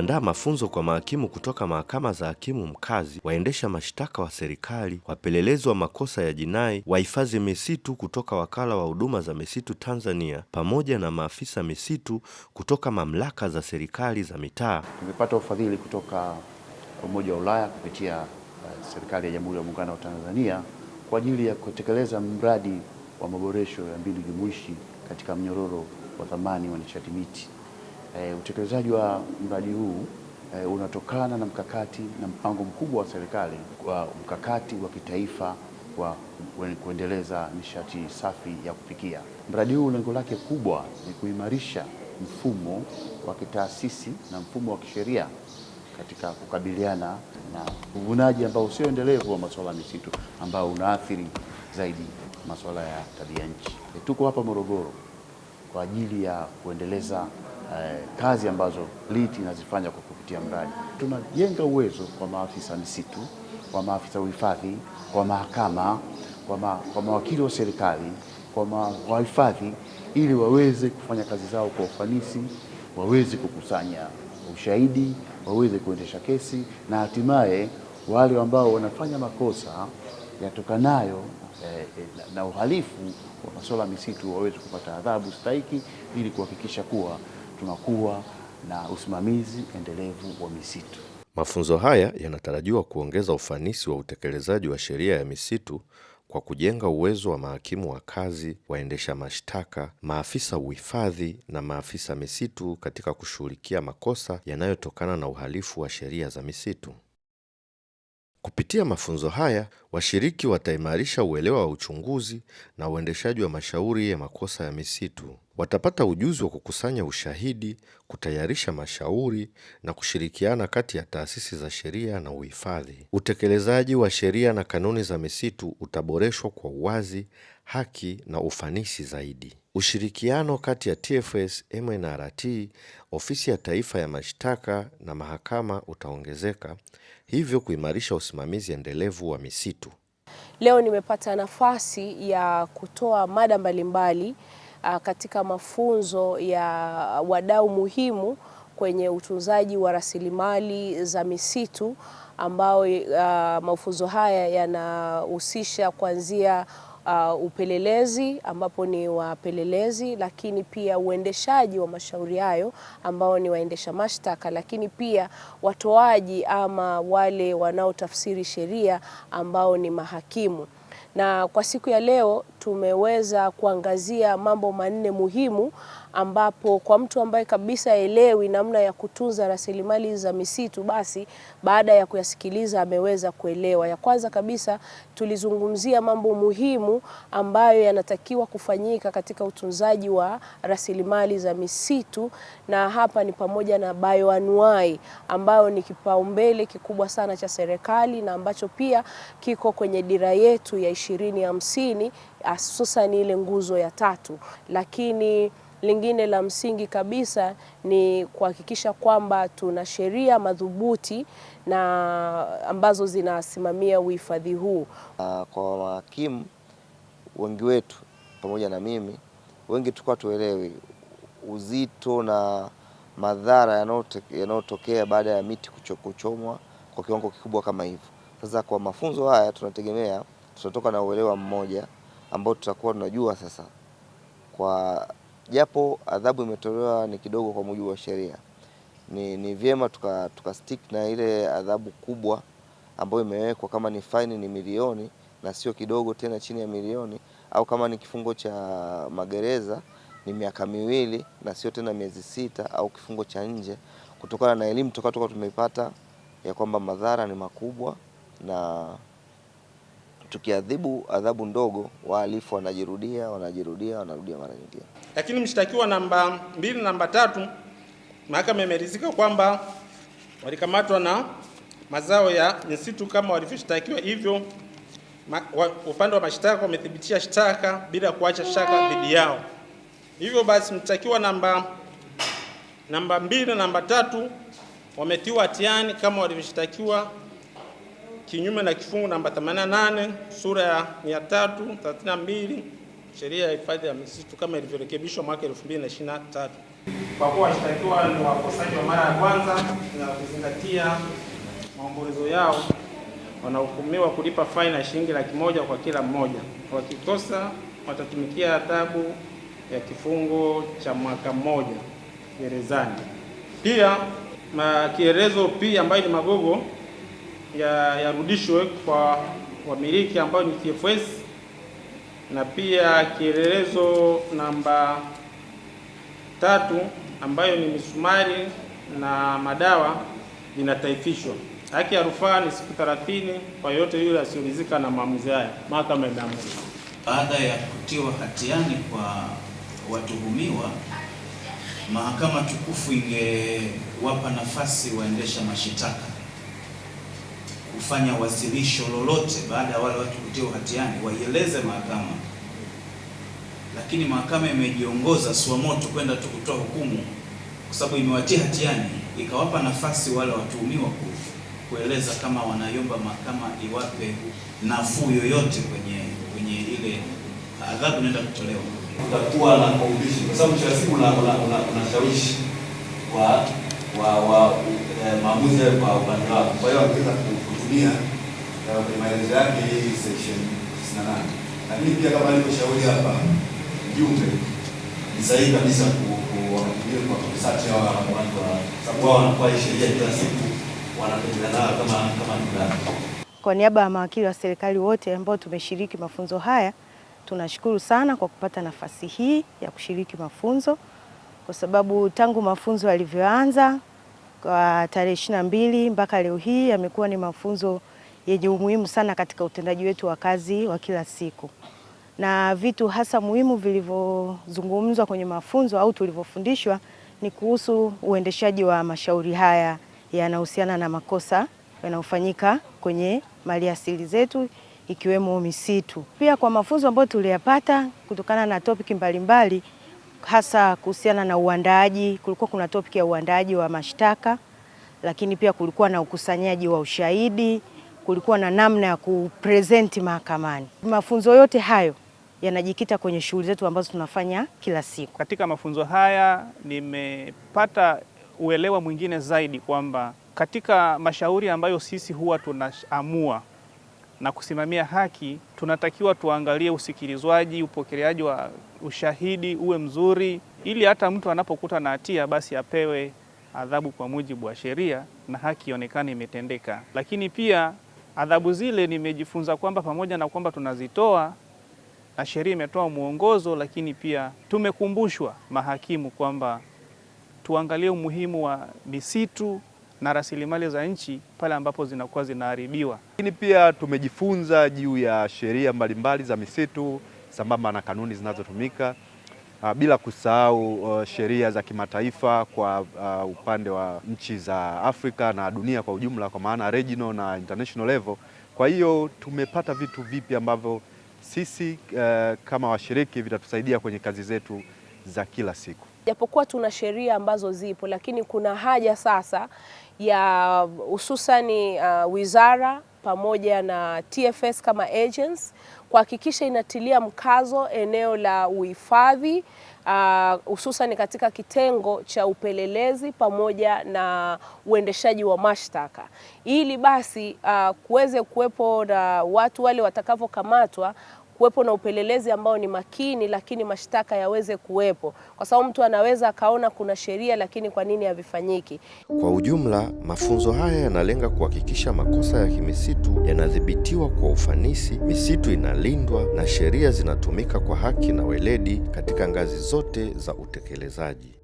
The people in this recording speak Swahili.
tumeandaa mafunzo kwa mahakimu kutoka mahakama za hakimu mkazi, waendesha mashtaka wa serikali, wapelelezi wa makosa ya jinai, wahifadhi misitu kutoka wakala wa huduma za misitu Tanzania, pamoja na maafisa misitu kutoka mamlaka za serikali za mitaa. Tumepata ufadhili kutoka Umoja wa Ulaya kupitia uh, serikali ya Jamhuri ya Muungano wa Tanzania kwa ajili ya kutekeleza mradi wa maboresho ya mbinu jumuishi katika mnyororo wa thamani wa nishati miti. E, utekelezaji wa mradi huu e, unatokana na mkakati na mpango mkubwa wa serikali wa mkakati wa kitaifa wa kuendeleza nishati safi ya kupikia. Mradi huu lengo lake kubwa ni kuimarisha mfumo wa kitaasisi na mfumo wa kisheria katika kukabiliana na uvunaji ambao sio endelevu wa masuala ya misitu ambao unaathiri zaidi masuala ya tabia nchi. Tuko hapa Morogoro kwa ajili ya kuendeleza Eh, kazi ambazo LEET inazifanya kwa kupitia mradi. Tunajenga uwezo kwa maafisa misitu, kwa maafisa uhifadhi, kwa mahakama, kwa, ma, kwa mawakili wa serikali, kwa wahifadhi ili waweze kufanya kazi zao kwa ufanisi, waweze kukusanya ushahidi, waweze kuendesha kesi na hatimaye wale ambao wanafanya makosa yatokanayo eh, eh na uhalifu wa masuala ya misitu waweze kupata adhabu stahiki ili kuhakikisha kuwa tunakuwa na usimamizi endelevu wa misitu. Mafunzo haya yanatarajiwa kuongeza ufanisi wa utekelezaji wa sheria ya misitu kwa kujenga uwezo wa mahakimu wa kazi, waendesha mashtaka, maafisa uhifadhi na maafisa misitu katika kushughulikia makosa yanayotokana na uhalifu wa sheria za misitu. Kupitia mafunzo haya, washiriki wataimarisha uelewa wa uchunguzi na uendeshaji wa mashauri ya makosa ya misitu. Watapata ujuzi wa kukusanya ushahidi, kutayarisha mashauri na kushirikiana kati ya taasisi za sheria na uhifadhi. Utekelezaji wa sheria na kanuni za misitu utaboreshwa kwa uwazi, haki na ufanisi zaidi. Ushirikiano kati ya TFS, MNRT, Ofisi ya Taifa ya Mashtaka na Mahakama utaongezeka, hivyo kuimarisha usimamizi endelevu wa misitu. Leo nimepata nafasi ya kutoa mada mbalimbali Uh, katika mafunzo ya wadau muhimu kwenye utunzaji wa rasilimali za misitu ambao uh, mafunzo haya yanahusisha kuanzia uh, upelelezi ambapo ni wapelelezi, lakini pia uendeshaji wa mashauri hayo ambao ni waendesha mashtaka, lakini pia watoaji ama wale wanaotafsiri sheria ambao ni mahakimu na kwa siku ya leo tumeweza kuangazia mambo manne muhimu, ambapo kwa mtu ambaye kabisa elewi namna ya kutunza rasilimali za misitu, basi baada ya kuyasikiliza ameweza kuelewa. Ya kwanza kabisa tulizungumzia mambo muhimu ambayo yanatakiwa kufanyika katika utunzaji wa rasilimali za misitu, na hapa ni pamoja na bioanuai ambayo ni kipaumbele kikubwa sana cha serikali na ambacho pia kiko kwenye dira yetu ya ishirini hamsini hususan ile nguzo ya tatu, lakini lingine la msingi kabisa ni kuhakikisha kwamba tuna sheria madhubuti na ambazo zinasimamia uhifadhi huu. Ah, kwa mahakimu wengi wetu pamoja na mimi, wengi tulikuwa tuelewi uzito na madhara yanayotokea baada ya miti kuchomwa kwa kiwango kikubwa kama hivyo. Sasa kwa mafunzo haya tunategemea tutatoka na uelewa mmoja ambao tutakuwa tunajua sasa, kwa japo adhabu imetolewa ni kidogo kwa mujibu wa sheria, ni, ni vyema tuka, tuka stick na ile adhabu kubwa ambayo imewekwa, kama ni faini ni milioni na sio kidogo tena, chini ya milioni, au kama ni kifungo cha magereza ni miaka miwili na sio tena miezi sita au kifungo cha nje, kutokana na elimu tukatoka tumeipata ya kwamba madhara ni makubwa na tukiadhibu adhabu ndogo, wahalifu wanajirudia wanajirudia wanarudia mara nyingine. Lakini mshtakiwa namba mbili, namba tatu, mahakama imeridhika kwamba walikamatwa na mazao ya msitu kama walivyoshtakiwa, hivyo upande wa mashtaka wamethibitisha shtaka bila kuacha shaka dhidi yao. Hivyo basi mshtakiwa namba namba mbili na namba tatu wametiwa hatiani kama walivyoshtakiwa kinyume na kifungu namba 88 sura ya 332 sheria ya hifadhi ya misitu kama ilivyorekebishwa mwaka 2023 kwa kuwa washtakiwa ni wakosaji wa mara ya kwanza na kuzingatia maombolezo yao wanahukumiwa kulipa faini ya shilingi laki moja kwa kila mmoja. Wakikosa watatumikia adhabu ya kifungo cha mwaka mmoja gerezani. Pia makielezo pia ambayo ni magogo yarudishwe ya kwa wamiliki ambao ni TFS na pia kielelezo namba tatu ambayo ni misumari na madawa vinataifishwa. Haki ya rufaa ni siku 30 kwa yote yule asiyoridhika na maamuzi haya. Mahakama imeamua baada ya kutiwa hatiani kwa watuhumiwa, mahakama tukufu ingewapa nafasi waendesha mashitaka kufanya wasilisho lolote baada ya wale watu kutiwa hatiani waieleze mahakama, lakini mahakama imejiongoza moto kwenda tu kutoa hukumu, kwa sababu imewatia hatiani, ikawapa nafasi wale watuhumiwa kueleza kama wanayomba mahakama iwape nafuu yoyote kwenye kwenye ile adhabu inaenda kutolewa, utakuwa na kwa sababu unashawishi wa wa Eh, maamuzi hayo kwa upande wako. Kwa hiyo angeweza kutumia kwenye eh, maelezo yake hii section 98, lakini pia kama alivyoshauri hapa mjumbe, ni sahihi kabisa kuwakatilia kwa kusachi hawa watu, sababu wao wanakuwa sheria kila siku wanapendana nao kama kama ndugu. Kwa niaba ya mawakili wa serikali wote ambao tumeshiriki mafunzo haya, tunashukuru sana kwa kupata nafasi hii ya kushiriki mafunzo, kwa sababu tangu mafunzo yalivyoanza kwa tarehe ishirini na mbili mpaka leo hii yamekuwa ni mafunzo yenye umuhimu sana katika utendaji wetu wa kazi wa kila siku, na vitu hasa muhimu vilivyozungumzwa kwenye mafunzo au tulivyofundishwa ni kuhusu uendeshaji wa mashauri haya yanahusiana na makosa yanayofanyika kwenye maliasili zetu ikiwemo misitu. Pia kwa mafunzo ambayo tuliyapata kutokana na topiki mbalimbali hasa kuhusiana na uandaaji. Kulikuwa kuna topic ya uandaaji wa mashtaka, lakini pia kulikuwa na ukusanyaji wa ushahidi, kulikuwa na namna ya kupresent mahakamani. Mafunzo yote hayo yanajikita kwenye shughuli zetu ambazo tunafanya kila siku. Katika mafunzo haya nimepata uelewa mwingine zaidi kwamba katika mashauri ambayo sisi huwa tunaamua na kusimamia haki, tunatakiwa tuangalie usikilizwaji, upokeleaji wa ushahidi uwe mzuri, ili hata mtu anapokuta na hatia basi apewe adhabu kwa mujibu wa sheria na haki ionekane imetendeka. Lakini pia adhabu zile, nimejifunza kwamba pamoja na kwamba tunazitoa na sheria imetoa mwongozo, lakini pia tumekumbushwa mahakimu kwamba tuangalie umuhimu wa misitu na rasilimali za nchi pale ambapo zinakuwa zinaharibiwa. Lakini pia tumejifunza juu ya sheria mbalimbali za misitu sambamba na kanuni zinazotumika ah, bila kusahau uh, sheria za kimataifa kwa uh, upande wa nchi za Afrika na dunia kwa ujumla, kwa maana regional na international level. Kwa hiyo tumepata vitu vipi ambavyo sisi eh, kama washiriki vitatusaidia kwenye kazi zetu za kila siku japokuwa tuna sheria ambazo zipo, lakini kuna haja sasa ya hususani uh, wizara pamoja na TFS kama agents kuhakikisha inatilia mkazo eneo la uhifadhi hususan uh, katika kitengo cha upelelezi pamoja na uendeshaji wa mashtaka, ili basi uh, kuweze kuwepo na watu wale watakavyokamatwa kuwepo na upelelezi ambao ni makini, lakini mashtaka yaweze kuwepo, kwa sababu mtu anaweza akaona kuna sheria, lakini kwa nini havifanyiki? Kwa ujumla, mafunzo haya yanalenga kuhakikisha makosa ya kimisitu yanadhibitiwa kwa ufanisi, misitu inalindwa na sheria zinatumika kwa haki na weledi katika ngazi zote za utekelezaji.